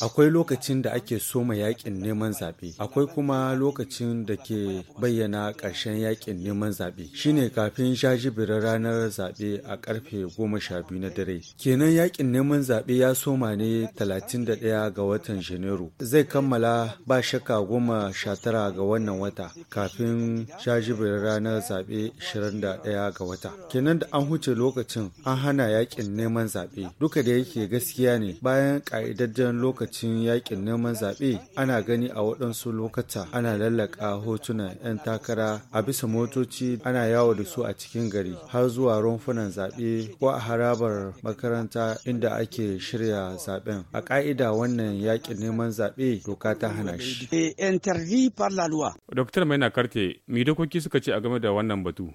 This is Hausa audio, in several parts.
Akwai lokacin da ake soma yakin neman zaɓe, akwai kuma lokacin da ke bayyana ƙarshen yakin neman zaɓe. Shine kafin jajibirin ranar zaɓe a ƙarfe goma sha biyu na dare. Kenan yakin neman zaɓe ya soma ne 31 ga watan Janairu. Zai kammala ba shakka goma sha tara ga wannan wata kafin jajibirin ranar zaɓe 21 ga wata. Kenan da an huce lokacin an hana yakin neman zaɓe. Duka da yake gaskiya gaskiya ne bayan ƙa'idajjen lokacin yakin neman zaɓe ana gani a waɗansu lokuta ana lallaka hotunan 'yan takara a bisa motoci ana yawo da su a cikin gari har zuwa rumfunan zaɓe ko a harabar makaranta inda ake shirya zaɓen a ƙa'ida wannan yakin neman zaɓe doka ta hana shi. Dr. Maina Karte, mi dokoki suka ce a game da wannan batu?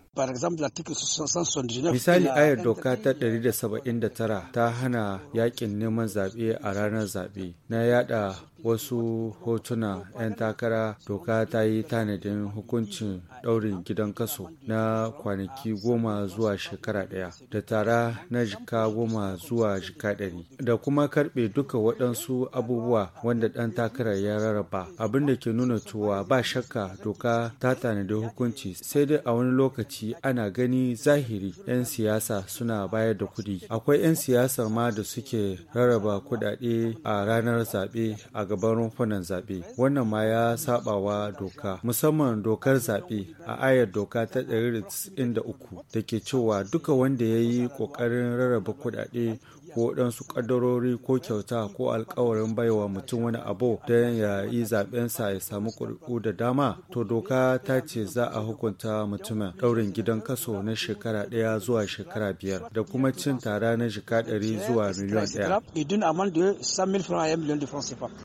Misali ayar doka ta 179 euh, ta hana yakin neman zaɓe a ranar zaɓe na yada wasu hotuna 'yan takara doka ta yi tanadin hukuncin ɗaurin gidan kaso na kwanaki goma zuwa shekara ɗaya da tara na jika goma zuwa jika ɗari da kuma karɓe duka waɗansu abubuwa wanda ɗan takarar ya rarraba abin da ke nuna cewa ba shakka doka ta tanadi hukunci sai dai a wani lokaci ana gani zahiri 'yan siyasa suna bayar da kuɗi akwai 'yan siyasar ma da suke rarraba kuɗaɗe a ranar zaɓe a gaban rumfunan zaɓe wannan ma ya sabawa doka musamman dokar zaɓe a ayar doka ta 193 da ke cewa duka wanda ya yi ƙoƙarin rarraba kuɗaɗe ko waɗansu ƙaddarori ko kyauta ko alkawarin baiwa mutum wani abu don ya yi zaɓensa ya samu ƙuri'u da dama to doka ta ce za a hukunta mutumin ɗaurin gidan kaso na shekara ɗaya zuwa shekara biyar da kuma cin tara na jika ɗari zuwa miliyan ɗaya.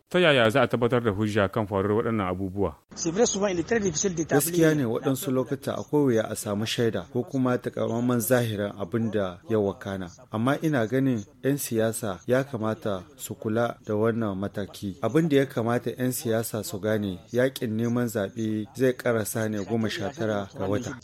Ta yaya za a tabbatar da hujja kan faruwar waɗannan abubuwa? Gaskiya ne waɗansu lokuta akwai wuya a samu shaida ko kuma takamaiman zahirin abin da ya wakana. Amma ina ganin 'yan siyasa ya kamata su kula da wannan mataki abin da ya kamata 'yan siyasa su gane yakin neman zaɓe zai ƙarasa ne goma sha tara ga wata